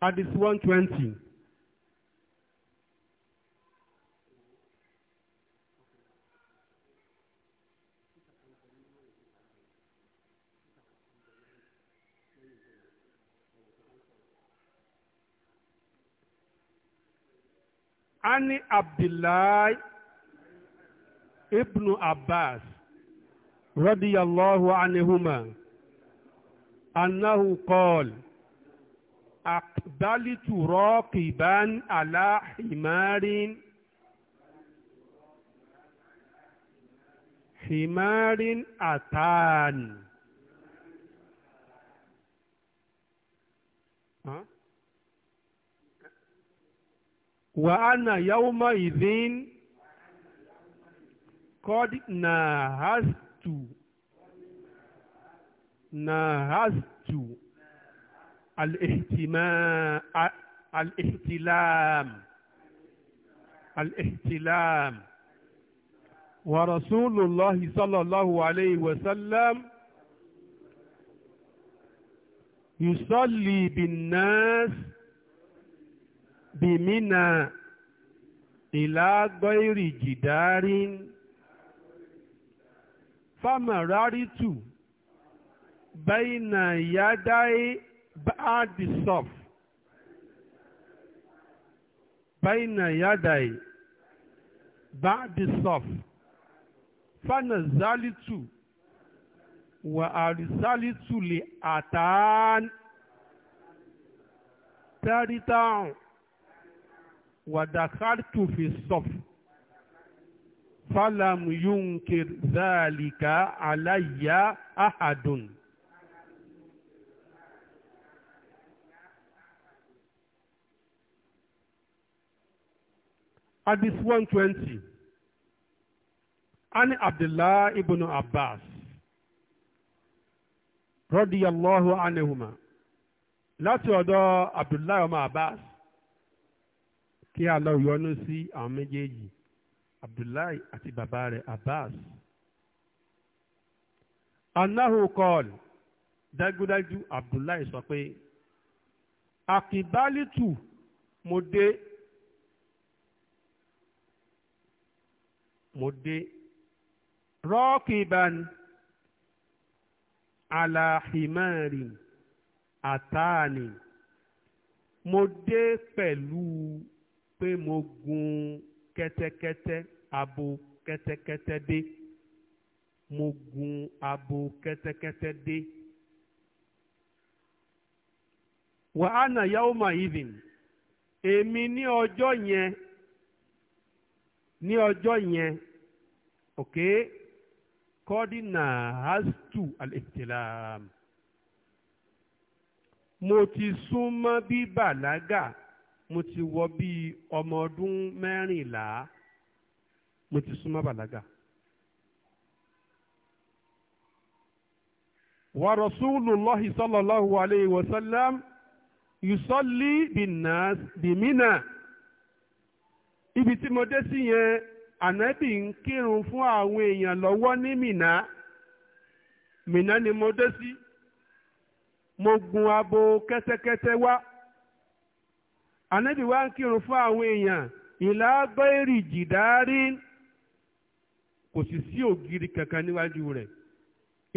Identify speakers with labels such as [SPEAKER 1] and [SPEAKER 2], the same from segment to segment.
[SPEAKER 1] Hadith one twenty. Ani Abdullahi Ibn Abbas radiyallahu anihuma annahu qala àdálítù rọ́ọ̀kì bá ń aláhìmárín himarin atan. Huh? وأنا يومئذ قد نهست نهست al-ihtimam al-ihtilam al-ihtilam wa rasulullahi sallallahu alayhi wa sallam yusalli bin nas bimina ila ghairi jidarin famararitu bayna yadai báàdì sọf báyìnà yádàì báàdì sọf fánà zálítù wà àrísálítù lè àtàn tẹ́rítàn wàdàkàtù fi sọf fálàmù yúnkìr zálìkà àláyà áhàdùn. hadith one twenty ani abdullah ibn abbas radiyallahu anihuma láti ọ̀dọ̀ abdullah ọmọ abbas kí Allah yọ́nú sí àwọn méjèèjì abdullah àti bàbá rẹ̀ abbas Anahu qala dájúdájú abdullah sọ pé àkìbálítù mo dé mo dé rọ́ọ̀kìban alahimari àtàní mo dé pẹ̀lú pé mo gun kẹ́tẹ́kẹ́tẹ́ abo kẹ́tẹ́kẹ́tẹ́ dé mo gun abo kẹ́tẹ́kẹ́tẹ́ dé. wàhánà yaoma even èmi ní ọjọ́ yẹn ní ọjọ́ yẹn okay kọ́dínà hastu al-ihtilam mo ti súnmọ́ bí bàlágà mo ti wọ bí ọmọ ọdún mẹ́rìnlá mo ti súnmọ́ bàlágà. wa rasulullahi sallallahu alayhi wa sallam yusalli bin nas ibi tí mo dé sí yẹn ànábì ń kírun fún àwọn èèyàn lọ́wọ́ ní mìnà mìnà ni mo dé sí mo gun abo kẹ́tẹ́kẹ́tẹ́ wá ànábì wá ń kírun fún àwọn èèyàn ìlà gbẹ́rì jìdárí kò sì sí ògiri kankan níwájú rẹ̀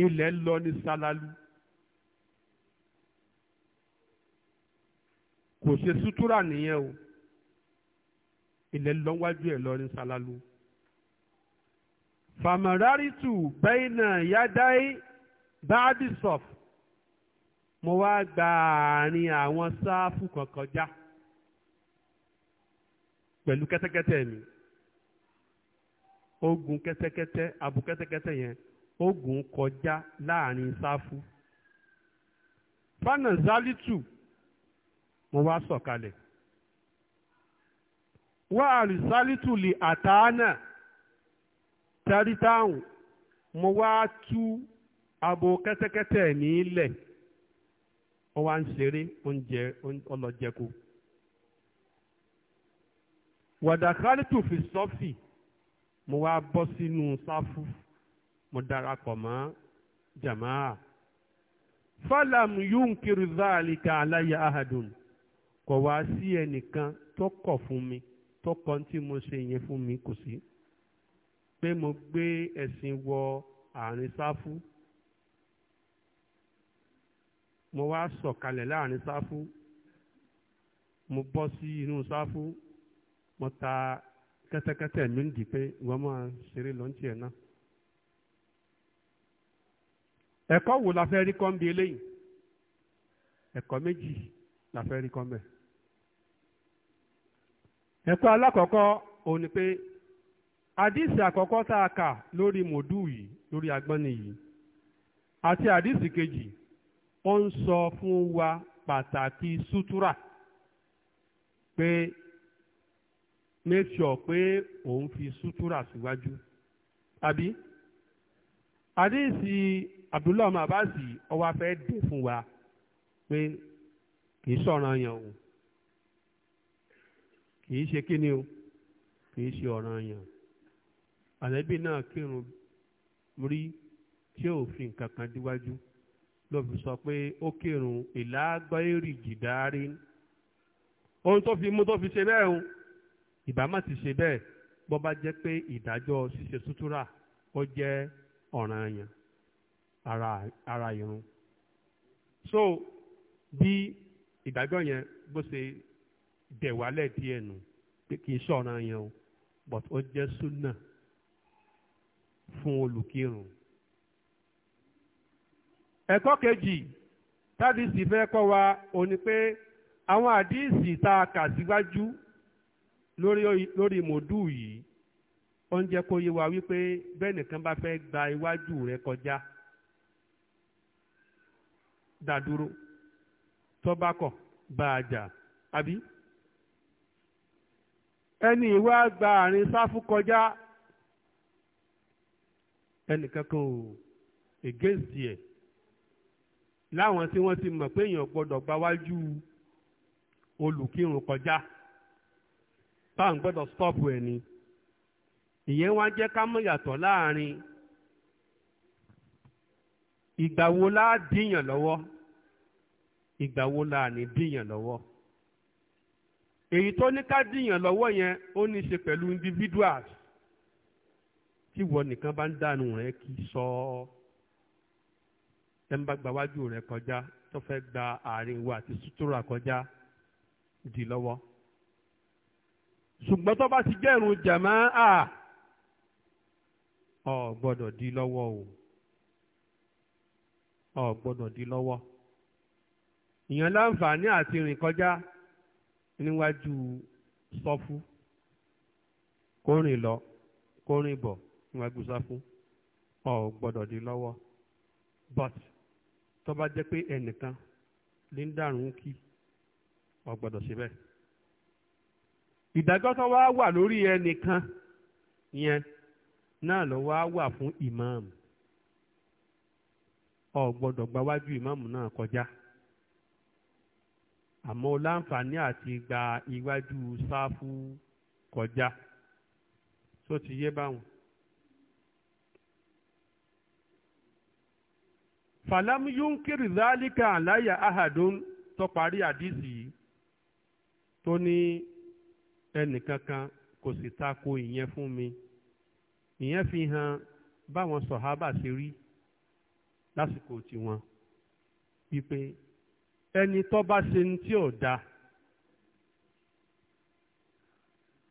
[SPEAKER 1] ilẹ̀ lọ ní sálálú. kò ṣe sútúrà nìyẹn o ilẹ̀ lọ́wájú ẹ̀ lọ ní sálálú fàmọ̀rárìtù bẹ́ẹ̀nà yádáì bádìsọ̀f mo wá gba àárín àwọn sáfù kan kọjá pẹ̀lú kẹ́tẹ́kẹ́tẹ́ mi ogun kẹ́tẹ́kẹ́tẹ́ abu kẹ́tẹ́kẹ́tẹ́ yẹn ogun kọjá láàrin sáfù fánà zálítù mo wá sọ̀kalẹ̀ wá àrùsálítù lè àtàánà. So tarí táwọn mo wá tú abo kẹ́tẹ́kẹ́tẹ́ mi lẹ̀ ó wá ń ṣeré oúnjẹ ọlọ́jẹko. wàdàkárìtù fi sọ́fì mo wá bọ́ sínú sáfù mo darapọ̀ mọ́ jamaa falam yunkiru zaalika alaya ahadun kò wá sí ẹnìkan tó kọ̀ fún mi tó kọ̀ tí mo ṣe yẹn fún mi kò sí pé mo gbé ẹ̀sìn wọ àárín sáfú mo wá sọ̀kalẹ̀ láàrin sáfú mo bọ́ sí inú sáfú mo ta kẹ́tẹ́kẹ́tẹ́ mi ń dì pé ìwọ́n máa ṣeré lọ́ńtì ẹ̀ náà. ẹ̀kọ́ wo la fẹ́ rí kọ́ ń bi eléyìí ẹ̀kọ́ méjì la fẹ́ rí kọ́ ń bẹ̀. ẹ̀kọ́ alákọ̀ọ́kọ́ òun ni pé àdìsí àkọ́kọ́ tá a kà lórí mòdú yìí lórí agbọ́nì yìí àti àdìsí kejì wọ́n ń sọ fún wa pàtàkì sútúrà pé make sure pé òun fi sútúrà síwájú àbí àdìsí Abdullahi ọmọ Abasi ọwọ́ afẹ́ dé fún wa pé kì í sọ̀ràn yẹn o kì í ṣe kíni o kì í ṣe ọ̀ràn yẹn ànábì náà kírun rí tí ò fi nǹkan kan díwájú ló fi sọ pé ó kírun ìlàgbọ́ẹ̀rì jìdáárí ohun tó fi mú tó fi ṣe bẹ́ẹ̀ ń ìbámá ti ṣe bẹ́ẹ̀ bó bá jẹ́ pé ìdájọ́ ṣíṣe sútúrà ó jẹ́ ọ̀ranyàn ara ara irun so bí ìdájọ́ yẹn bó ṣe dẹ̀wálẹ̀ díẹ̀ nù kì í ṣọ̀ranyàn o but ó jẹ́ súnà. fún olùkírun. ẹ̀kọ́ kejì tádìsì fẹ́ kọ́ wa òní pé àwọn àdìsì tá a kà síwájú lórí lórí mòdù yìí ó ń jẹ́ kó yé wa wípé bẹ́ẹ̀ nìkan bá fẹ́ gba iwájú rẹ kọjá dàdúró tọ́bákọ̀ bá àbí ẹni ìwà gba àárín sáfù kọjá ẹnìkan kan against ẹ̀ láwọn tí wọ́n ti mọ̀ pé èèyàn gbọ́dọ̀ gba wájú olùkírun kọjá táwọn gbọ́dọ̀ stop ẹ̀ ni ìyẹn wá jẹ́ ká mọ̀ yàtọ̀ láàrin ìgbà wo la díyàn lọ́wọ́ ìgbà wo la ní díyàn lọ́wọ́ èyí tó ní ká díyàn lọ́wọ́ yẹn ó ní í ṣe pẹ̀lú individuals tí wọ́n nìkan bá ń dànù rẹ̀ kì í sọ ọ́ tẹ́ńbà gbáwájú rẹ̀ kọjá tó fẹ́ gba àárín ìwọ àti sutura kọjá dì lọ́wọ́ ṣùgbọ́n tó bá ti jẹ́ ìrun jàmáà o gbọ́dọ̀ dì lọ́wọ́ o o gbọ́dọ̀ dì lọ́wọ́ ìyẹn láǹfààní àti rìn kọjá níwájú sọ́fù kó rìn lọ kó rìn bọ̀ wọn gbèsà fún ọ gbọ́dọ̀ di lọ́wọ́ but tó bá jẹ́ pé ẹnìkan lè ń dàrún kí ọ gbọ́dọ̀ ṣe bẹ́ẹ̀ ìdájọ́ tó wá wà lórí ẹnìkan yẹn náà ló wá wà fún imam ọ gbọ́dọ̀ gbáwájú imam náà kọjá àmọ́ láǹfààní àti gba iwájú sáfù kọjá tó ti yé báwọn. fàlámù yúnkìrì zálíkà àláyà ahàdùn tó parí àdìsí yìí tó ní ẹnìkankan kò sì tako ìyẹn fún mi ìyẹn fi hàn báwọn sọ̀hábà ṣe rí lásìkò tiwọn wípé ẹni tó bá ṣe ní tí ò dáa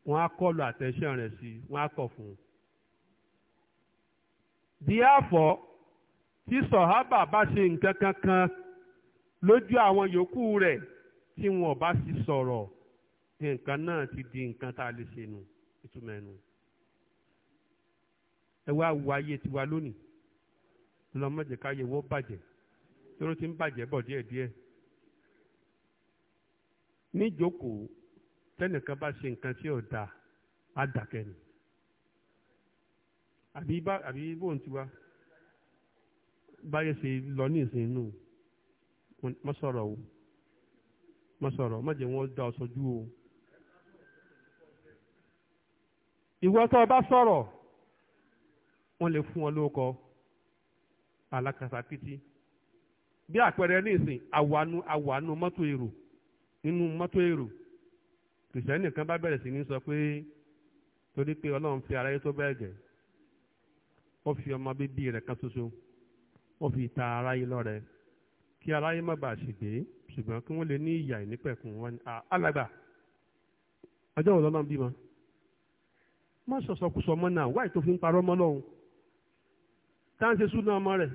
[SPEAKER 1] wọ́n á kọlu àtẹ̀ṣẹ́ rẹ̀ sí wọ́n á kọ̀ fún un. díẹ̀ àfọ́ tí sọ̀hábà bá ṣe nǹkan kankan lójú àwọn yòókù rẹ̀ tí wọn bá sì sọ̀rọ̀ nǹkan náà ti di nǹkan tá a lè ṣe nù ìtumọ̀ ẹnu. ẹ wá wo ayé tiwa lónìí lọ́mọdé káyé wọ́n bàjẹ́ tóró ti ń bàjẹ́ bọ̀ díẹ̀díẹ̀. níjókòó tẹ́nìkan bá ṣe nǹkan tí ò dáa á dàkẹ́ ni àbí bóun tiwa báyé ṣe lọ ní ìsìn inú mọ́ sọ̀rọ̀ o mọ́ sọ̀rọ̀ wọ́n dá ọ sọjú o. ìwọ tó o bá sọ̀rọ̀ wọ́n lè fún ọ lóko alákàtàkìtì bí àpẹẹrẹ ní ìsìn àwàánu àwàánu mọ́tò èrò nínú mọ́tò èrò kìrìsìtẹ́nì kan bá bẹ̀rẹ̀ sí ní sọ pé torí pé ọlọ́run fi aráyé tó bẹ́ẹ̀ gẹ̀ ó fi ọmọ bíbí rẹ̀ kan ṣoṣo ó fi ta aráyé lọ́rẹ kí aráyé má bàa ṣègbè ṣùgbọ́n kí wọ́n lè ní ìyà ìnípẹ̀kùn wọn ni alàgbà ọjọ́ wo lọ́nà bímọ má sọ̀sọ̀ kù sọmọ náà wáì tó fi ń parọ́ mọ́ lọ́hùn tá à ń ṣe súná ọmọ rẹ̀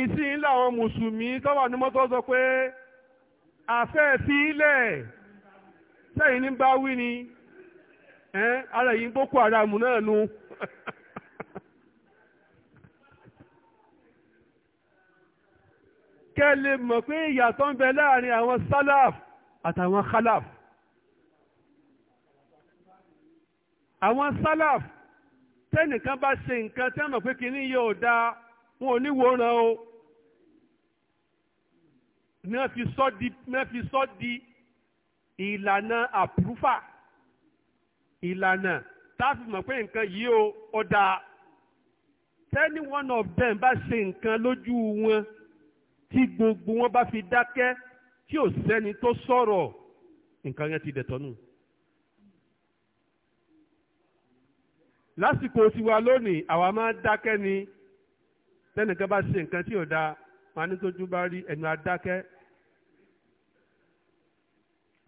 [SPEAKER 1] ìsìn làwọn mùsùlùmí tó wà ní mọ́tò sọ pé àfẹ́ẹ̀fì ilẹ̀ sẹ́yìn ní bá wí ni ara yìí boko haram náà nu. kẹ́ lè mọ̀ pé ìyàtọ̀ ń bẹ láàrin àwọn salaf àtàwọn khalaf àwọn salaf tẹ́nìkan bá ṣe nǹkan tẹ́ mọ̀ pé kìíní yóò da wọn ò ní wòran o ní wọ́n fi sọ di ní wọ́n fi sọ di ìlànà àpúrúfà ìlànà táàfin mọ̀ pé nǹkan yìí ó ó dáa tẹ́ni one of them bá ṣe nǹkan lójú wọn tí gbogbo wọn bá fi dákẹ́ tí ò sẹ́ni tó sọ̀rọ̀ nǹkan yẹn ti dẹ̀tọ́ nù. lásìkò tiwa lónìí àwa máa dákẹ́ ni tẹ́nìkan bá ṣe nǹkan tí ò da máa ní tójú bá rí ẹnu adákẹ́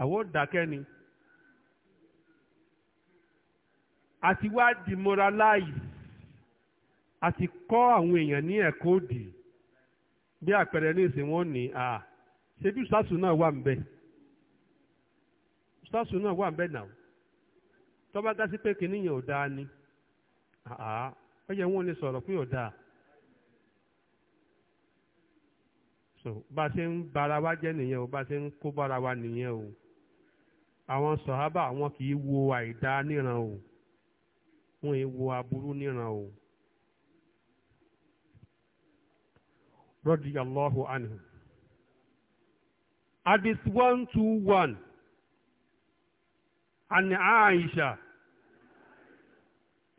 [SPEAKER 1] àwọn dákẹ́ ni. àti wá demoralize àti kọ́ àwọn èèyàn ní ẹ̀kọ́ òdì. E bí àpẹẹrẹ ní ìsìn wọn ní à ṣé bí ṣáṣù náà wà ń bẹ ṣáṣù náà wà ń bẹ náà tọ́ba dá sí pé kìíní yẹn ò dáa ni àá ó yẹ wọn sọ̀rọ̀ pé ò dáa so bá a ṣe bara wa jẹ́ nìyẹn o bá a ṣe kó bara wa nìyẹn o àwọn sọ̀hábà wọn kì í wo níran o wọn ì wo aburú níran o. رضي الله عنه. Hadith 121 عن عائشة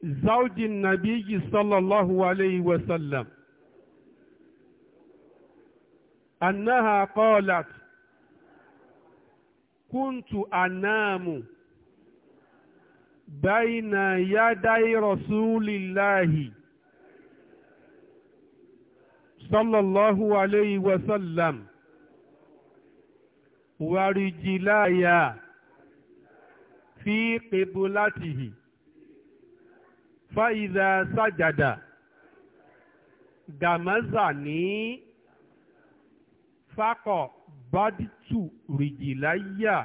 [SPEAKER 1] زوج النبي صلى الله عليه وسلم أنها قالت كنت أنام بين يدي رسول الله sallallahu alayhi wa sallam warijilaya fi qibulatihi fa idha sajada gamazani fakọ baditu rijilaya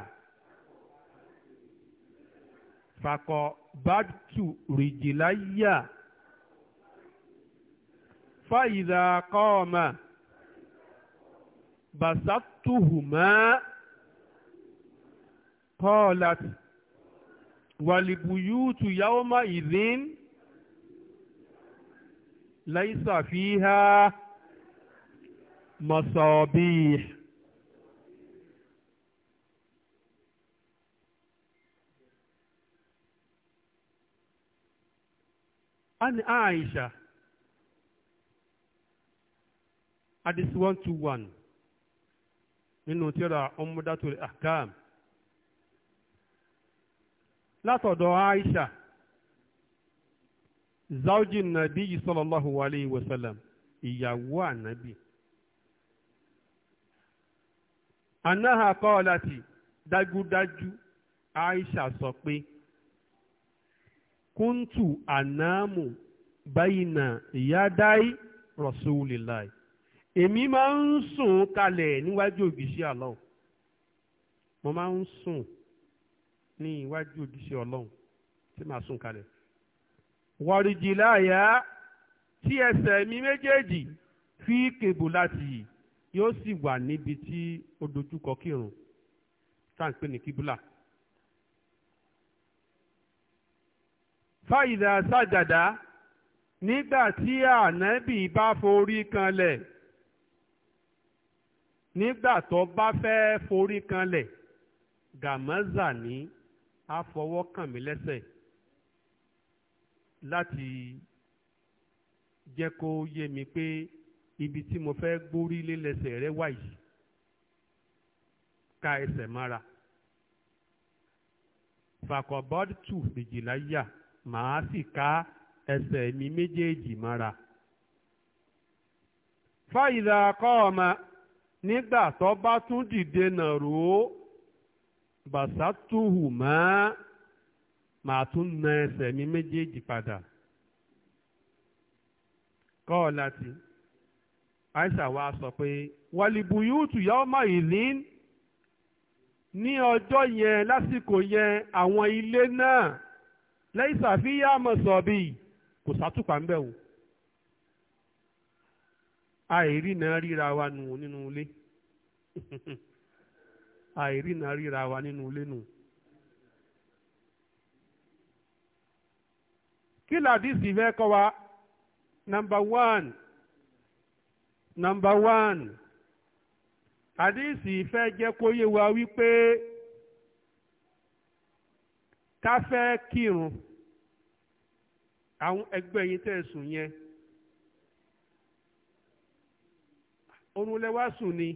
[SPEAKER 1] fakọ baditu rijilaya. فإذا قام بسطتهما قالت ولبيوت يومئذ ليس فيها مصابيح عن عائشه hadith one two one nínú tírà Umdatul Ahkam látọ̀dọ̀ Aisha zawji nabi sallallahu alayhi wa sallam ìyàwó ànábì anaha kọ́ọ̀láti dájúdájú Aisha sọ pé kúntù ànámù báyìí na ìyá dáì èmi máa ń sùn kalẹ̀ níwájú òjíṣẹ́ Ọlọ́run mo máa ń sùn ní iwájú òjíṣẹ́ Ọlọ́run tí màá sùn kalẹ̀ wọ̀rìjì láàyà tí ẹsẹ̀ mi méjèèjì fi kébù láti yìí yóò sì wà níbi tí ó kírun tá ní kíbúlà. fáyidà sàjàdá nígbà tí ànábì bá forí kanlẹ̀ nígbà tó bá fẹ́ forí kanlẹ̀ gàmọ́zà ní àfọwọ́kànmí lẹ́sẹ̀ láti jẹ́ kó yé mi pé ibi tí mo fẹ́ gbórí lé lẹ́sẹ̀ rẹ wà yìí ka ẹsẹ̀ mára fàkọ̀bọ́dì tù méjìlá yà màá sì ká ẹsẹ̀ mi méjèèjì mára. fáyidà kọ́ ọ̀ma nígbà tó bá tún dìde nàró bàṣátùhù mọ́ màá tún na ẹsẹ̀ mi méjèèjì padà kọ́ láti Aisha wa sọ pé wàlìbùyúùtù yàwó máa ìlí ní ọjọ́ yẹn lásìkò yẹn àwọn ilé náà lẹ́yìn sàfihàn mọ̀sọ̀bì kò sátùpà ń bẹ̀ wò àìrìnà ríra wa nù nínú ilé àìrìnà ríra wa nínú ilé nù. kí làdísì fẹ́ kọ́ wa nọmba wán nọmba wán àdísì fẹ́ jẹ́ kó yé wa wípé ká fẹ́ kírun àwọn ẹgbẹ́ yín tẹ̀sùn yẹn. oorun lẹ́wà sùn ni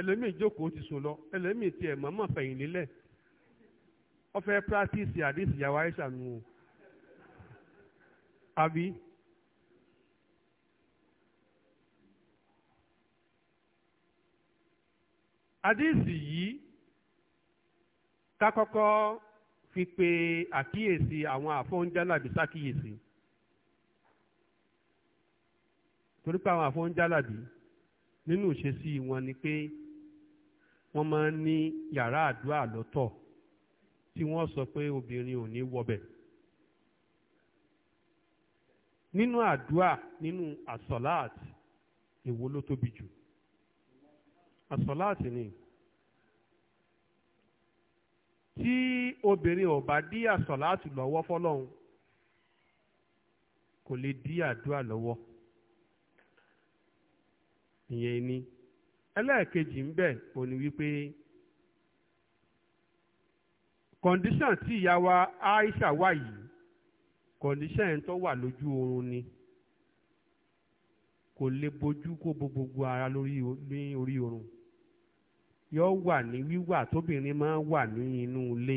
[SPEAKER 1] ẹlẹ́mìí jókòó ti sùn lọ ẹlẹ́mìí tiẹ̀ mọ́mọ́ fẹ̀yìn nílẹ̀ ọfẹ practice àdìsí yàwá Aisha nù o àbí. àdìsí yìí ká kọ́kọ́ fi pe àkíyèsí àwọn àfọ̀njálàbí sákíyèsí. torí pé àwọn àfọ̀njálàbí nínú ìṣesí wọn ni pé wọ́n máa ń ní yàrá àdúrà lọ́tọ̀ tí wọ́n sọ pé obìnrin ò ní wọbẹ̀ nínú àdúrà nínú àsọ̀láàtì èwo ló tóbi jù àsọ̀láàtì ni tí obìnrin ò bá dí àsọ̀láàtì lọ́wọ́ fọ́lọ́hun kò lè dí àdúrà lọ́wọ́ ìyẹn ni ẹlẹ́ẹ̀kejì ń bẹ òní wípé kọ̀ǹdíṣàn tí ìyá wa Aisha wà yìí kọ̀ǹdíṣàn ẹ̀ ń tọ́ wà lójú oorun ni kò lè bojú kó bo gbogbo ara lórí ní orí oorun yóò wà ní wíwà tóbìnrin máa ń wà ní inú ilé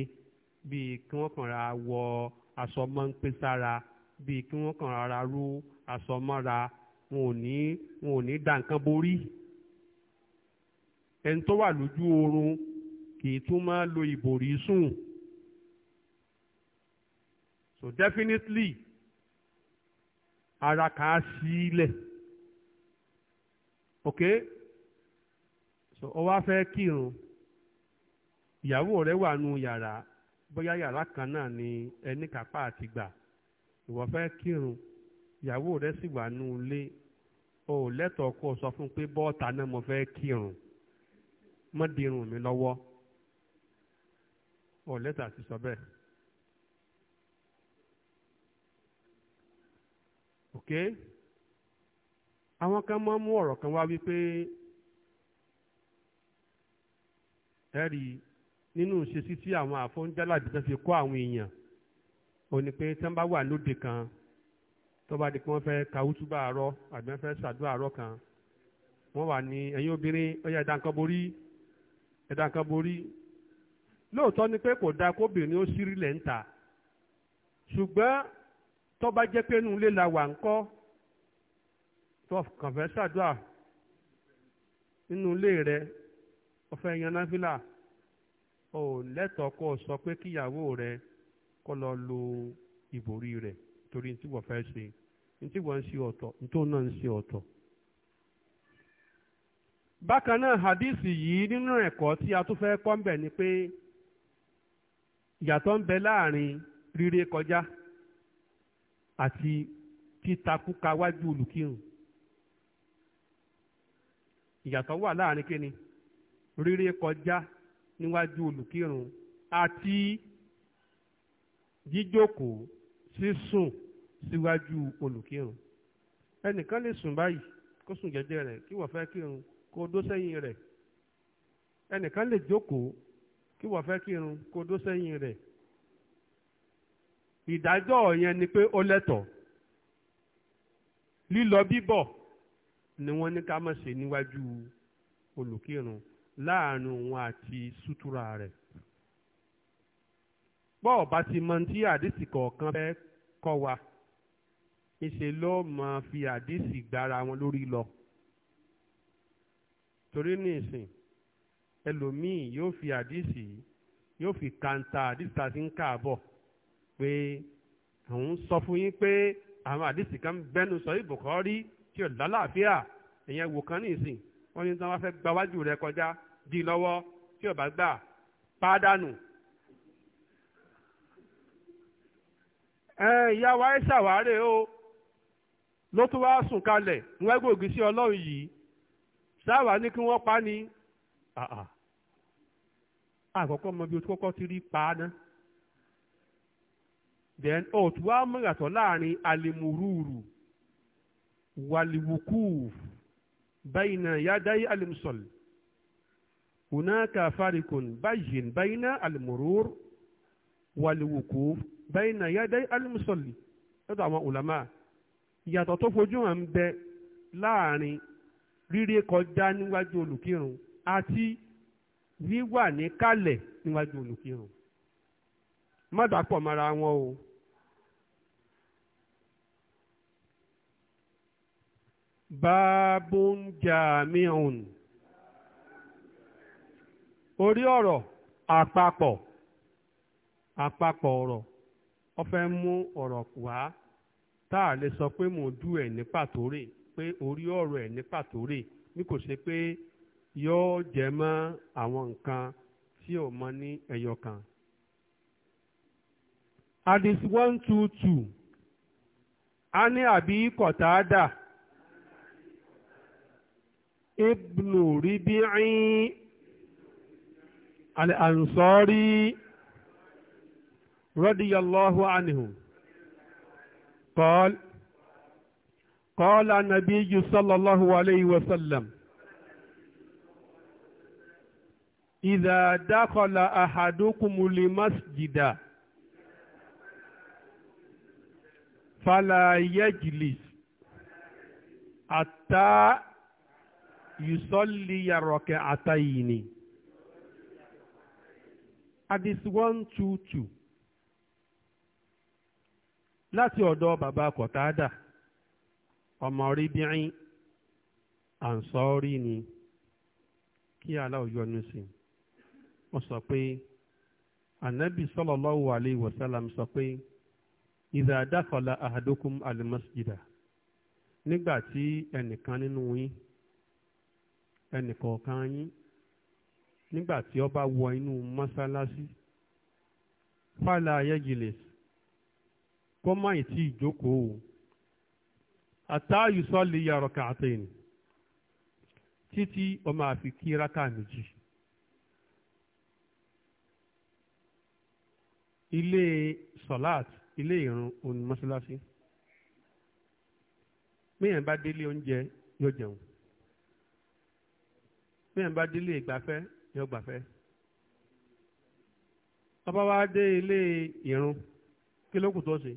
[SPEAKER 1] bíi kí wọ́n kàn ra wọ aṣọ mọ́ ń pé sára bíi kí wọ́n kàn ra ró aṣọ mọ́ra wọn ò ní wọn ò ní da nǹkan borí ẹni tó wà lójú oorun kì í tún máa lo ìbòrí sùn so definitely ara kà á sílẹ̀ ok so ọ wá fẹ́ kírun ìyàwó rẹ wà nù yàrá bóyá yàrá kan náà ni ẹnìkápá àtìgbà gbà ìwọ fẹ́ kírun. ìyàwó rẹ sì wà nù ilé o ò lẹ́tọ̀ọ́ kó o sọ fún pé bọ́ọ̀tà náà mo fẹ́ kírun mọ́ dirun mi lọ́wọ́ o ò lẹ́tọ̀ọ́ àti sọ bẹ́ẹ̀. ok àwọn kan máa ń mú ọ̀rọ̀ kan wá wípé ẹ̀rí nínú ìṣesí tí àwọn àfọ̀njálàbí kan fi kọ́ àwọn èèyàn ò ní pé tí wọ́n bá wà lóde kan tó bá di pé wọ́n fẹ́ kàwútúbà àárọ̀ àbí wọ́n fẹ́ ṣàdúrà àárọ̀ kan wọ́n wà ní ẹ̀yin obìnrin ọyà ẹ̀dá nǹkan borí ẹ̀dá nǹkan borí lóòótọ́ ni pé kò dáa kóbìnrin ó sírí lẹ̀ ń ta ṣùgbọ́n tó bá jẹ́ pé inú ilé la wà ń kọ́ tó kàn fẹ́ ṣàdúrà nínú ilé rẹ ọ̀fẹ́ yan náfìlà ò lẹ́tọ̀ọ́ kó o sọ pé kíyàwó rẹ kó lọ lo ìbòrí rẹ̀ torí ní tí wọ́n fẹ́ ṣe ní tí wọ́n ń ṣe ọ̀tọ̀ ní tó náà ń ṣe ọ̀tọ̀. bákan náà hadisi yìí nínú ẹ̀kọ́ tí a tún fẹ́ kọ́ ń bẹ̀ ni pé ìyàtọ̀ ń bẹ láàrin ríré kọjá àti títakúka wájú olùkírun ìyàtọ̀ wà láàrin kíni ríré kọjá níwájú olùkírun àti jíjókòó sísùn síwájú olùkírun ẹnìkan lè sùn báyìí kó sùn jẹ́jẹ́ rẹ̀ kí wọ́n fẹ́ kírun kó dó sẹ́yìn rẹ̀ ẹnìkan lè jókòó kí wọ́n fẹ́ kírun kó dó sẹ́yìn rẹ̀ ìdájọ́ yẹn ni pé ó lẹ́tọ̀ọ́ lílọ bíbọ̀ ni wọ́n ní ká má ṣe níwájú olùkírun láàrin òun àti sútúra rẹ̀ bọ́ọ̀ bá ti mọ tí àdìsí kọ̀ọ̀kan fẹ́ kọ́ wa ńṣe ló máa fi àdísì gbára wọn lórí lọ torí ní ìsìn ẹlòmíì yóò fi àdísì yóò fi kàńtà àdísì tá a ti ń káàbọ̀ pé àwọn sọ fún yín pé àwọn àdísì kan bẹ́nu sọ ìbùkọ́rí tí ò lálàáfíà èèyàn wò kán ní ìsìn wọ́n ní tí wọ́n bá fẹ́ gbáwájú rẹ kọjá dì lọ́wọ́ tí ò bá gbà pàdánù ìyá wa ẹ ṣàwárè o ló tún wáá sùn kalẹ̀ níwágbòógì sí ọlọ́run yìí sáwà ní kí wọ́n pa ni àkọ́kọ́ mọ bí o ti kọ́kọ́ ti rí pa ná then òtún wá mú ìyàtọ̀ láàrin alimururu waliwukuf bayna yadayi alimusol hunaka farikun bayin bayna alimururu waliwukuf bayna yaday al-musalli lọ́dọ̀ àwọn ulama ìyàtọ̀ tó fojú hàn ń bẹ láàrin ríré kọjá níwájú olùkírun àti wíwà ní kálẹ̀ níwájú olùkírun má dàpọ̀ mọ́ra wọn o. báàbùn jàmíùn orí ọ̀rọ̀ àpapọ̀ àpapọ̀ ọ̀rọ̀ wọ́n fẹ́ mú ọ̀rọ̀ wá tá a lè sọ pé mòdù ẹ̀ ní pàtó rè pé orí ọ̀rọ̀ ẹ̀ ní pàtó rè bí kò ṣe pé yóò jẹ mọ́ àwọn nǹkan tí ò mọ ní ẹyọ kan. Hadis one two two Ani àbí kọ̀tàádà ibnu ribi'in al-ansari. رضي الله عنه قال قال النبي صلى الله عليه وسلم إذا دخل أحدكم لمسجد فلا يجلس حتى يصلي ركعتين Hadith 122 láti ọ̀dọ̀ bàbá kọ̀tádà ọmọ ríbíìn ànsọ́rí ni kí aláwọ̀ yọ́nú sí wọ́n sọ pé ànábì sallallahu alayhi wa sallam sọ pé idha dakhala ahadukum al-masjida nígbà tí ẹnìkan nínú yín ẹnìkọ̀ọ̀kan yín nígbà tí ó wọ inú mọ́sálásí fala yajlis kó má ì tí ì jókòó àtàyù sọ́ọ̀lì yàrá kàtẹ́yìn títí ó máa fi kí rákà méjì. ilé sọ̀láàt ilé ìrun òní mọ́ṣáláṣí míyàn bá délé oúnjẹ yóò jẹun míyàn bá délé ìgbafẹ́ yóò gbafẹ́ ọba wa dé ilé ìrun kí ló kù tó ṣe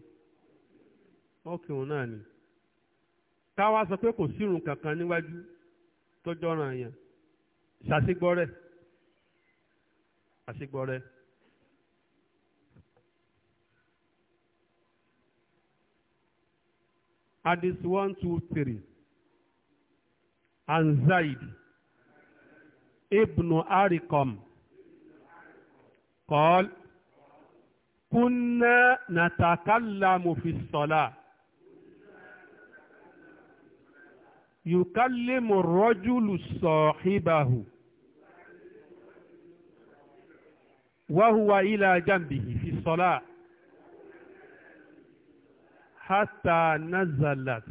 [SPEAKER 1] ókè òun náà ni táwa sọ pé kò sírun kankan níwájú tọjọ́ ràn yàn ṣàṣegbọ́rẹ́ àṣegbọ́rẹ́. Hadith one two three an Zaid ibn Arikam قال كنا نتكلم في yùkálẹ́mù rọ́júlù sọ̀híbàhù wáhùwà ilà jàǹbìhì fi sọ́lá hátà nazalat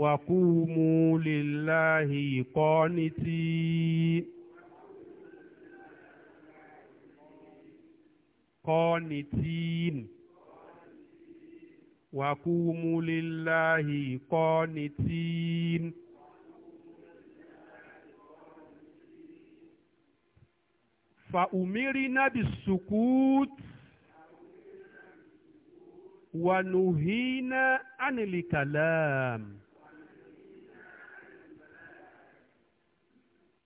[SPEAKER 1] wàkúmù lèláhì ìkọ́ni tí kọ́ni tí nù. وقوموا لله قانتين فأمرنا بالسكوت ونهينا عن الكلام